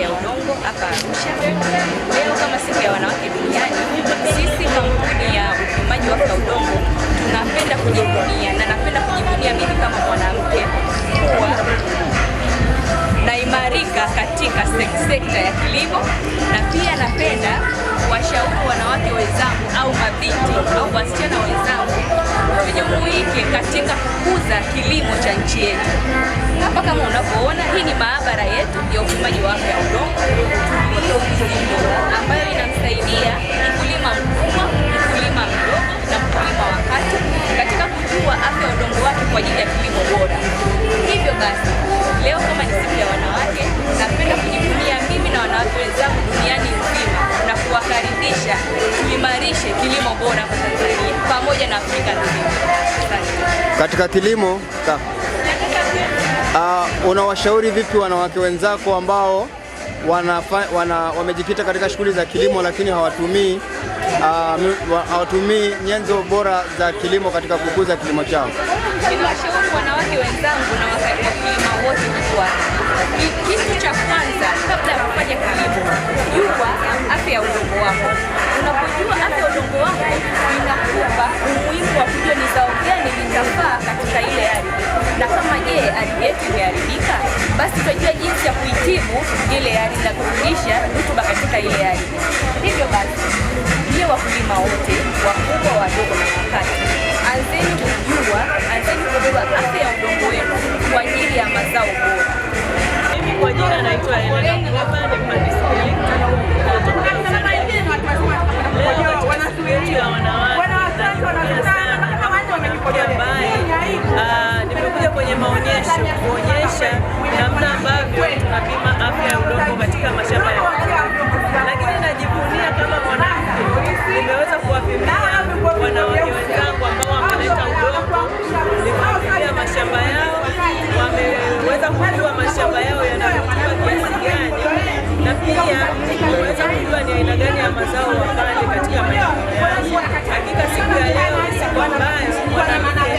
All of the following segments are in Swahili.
ya udongo hapa Arusha. Leo kama siku ya wanawake duniani, sisi kampuni ya upimaji wa udongo tunapenda kujivunia na napenda kujivunia mimi kama mwanamke kuwa naimarika katika sekta ya kilimo, na pia napenda kuwashauri wanawake wenzangu au mabinti au wasichana wenzangu tujumuike katika kukuza kilimo cha nchi yetu. Hapa kama unavyoona, hii ni maabara yetu ya uchimbaji wa afya ya udongo ambayo inamsaidia mkulima mkubwa, mkulima mdogo na mkulima wa kati katika kujua afya ya udongo wake kwa ajili ya kilimo bora. Hivyo basi, leo kama ni siku ya wanawake, napenda kujivunia mimi na wanawake wenzangu duniani nzima na kuwakaribisha tuimarishe kilimo bora kwa Tanzania pamoja na Afrika nzima. Katika kilimo ka. Uh, unawashauri vipi wanawake wenzako ambao wana, wana, wamejikita katika shughuli za kilimo lakini hawatumii uh, hawatumii nyenzo bora za kilimo katika kukuza kilimo chao? Ninawashauri wanawake wenzangu na wakulima wote kuwa kitu cha kwanza kabla ya kufanya kilimo, jua afya ya udongo wako. Unapojua afya ya udongo wako inakupa umuhimu wa kujua ni zao gani ardhi za kurudisha rutuba katika ile ardhi. Hivyo basi, ndiyo wakulima wote wakubwa, wadogo na wakati, anzeni kujua, anzeni kujua afya ya udongo wenu kwa ajili ya mazao bora. Mimi kwa jina naitwa ah, nimekuja kwenye maonyesho kuonyesha kuhamasisha namna ambavyo tunapima afya ya udongo katika mashamba ya wakulima, lakini najivunia kama mwanamke nimeweza kuwapimia wanawake wenzangu ambao wameleta udongo, nimewapimia mashamba yao, wameweza kujua mashamba yao yanayotumia kiasi gani, na pia wameweza kujua ni aina gani ya mazao wapande katika maeneo yao. Hakika siku ya leo ni siku ambayo mwanamke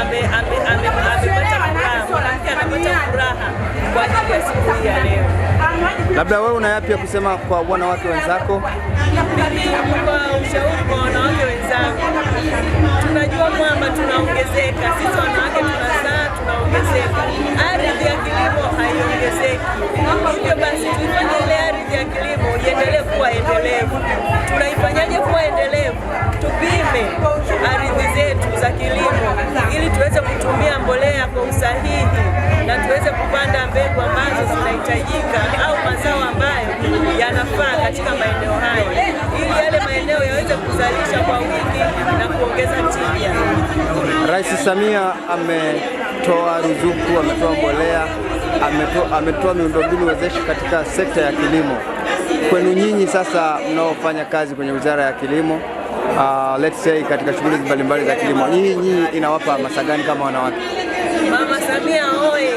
ame Labda wewe una yapi ya kusema kwa wanawake wenzako? Kwa ushauri kwa wanawake wenzako tunajua kwamba tunaongezeka sisi wanawake, tunazaa tunaongezeka, ardhi ya kilimo haiongezeki. Hivyo basi tuifanye ile ardhi ya kilimo iendelee kuwa endelevu. Tunaifanyaje kuwa endelevu? Tupime ardhi zetu za kilimo ili tuweze kutumia mbolea kwa usahihi na tuweze kupanda mbegu yanahitajika au mazao ambayo yanafaa katika maeneo hayo, ili yale maeneo yaweze kuzalisha kwa wingi na kuongeza tija. Rais Samia ametoa ruzuku, ametoa mbolea, ametoa, ametoa miundombinu wezeshi katika sekta ya kilimo. Kwenu nyinyi sasa mnaofanya kazi kwenye Wizara ya Kilimo, Uh, let's say katika shughuli mbalimbali za kilimo, nyinyi nyinyi inawapa hamasa gani kama wanawake? Mama Samia oye!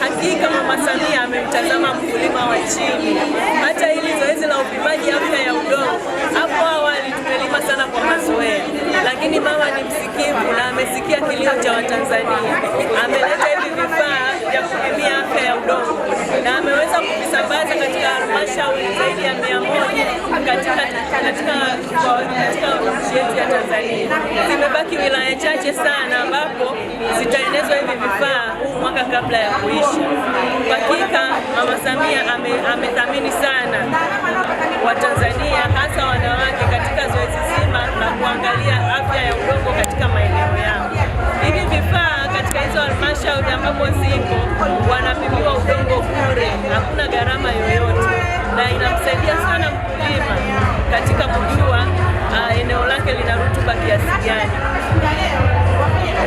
hakika Mama Samia amemtazama mkulima wa chini. Hata hili zoezi la upimaji afya ya udongo, hapo awali tumelima sana kwa mazoea, lakini mama ni msikivu na amesikia kilio cha Watanzania, ameleta hivi vifaa vya kupimia afya ya udongo na ameweza kuvisambaza katika halmashauri katika katika nchi yetu ya Tanzania zimebaki wilaya chache sana ambapo zitaenezwa hivi vifaa huu mwaka kabla ya kuisha. Hakika Mama Samia amethamini ame sana Watanzania hasa wanawake katika zoezi zima la kuangalia afya ya udongo katika maeneo yao. Hivi vifaa katika hizo halmashauri ambapo ziko wanapimiwa udongo bure, hakuna gharama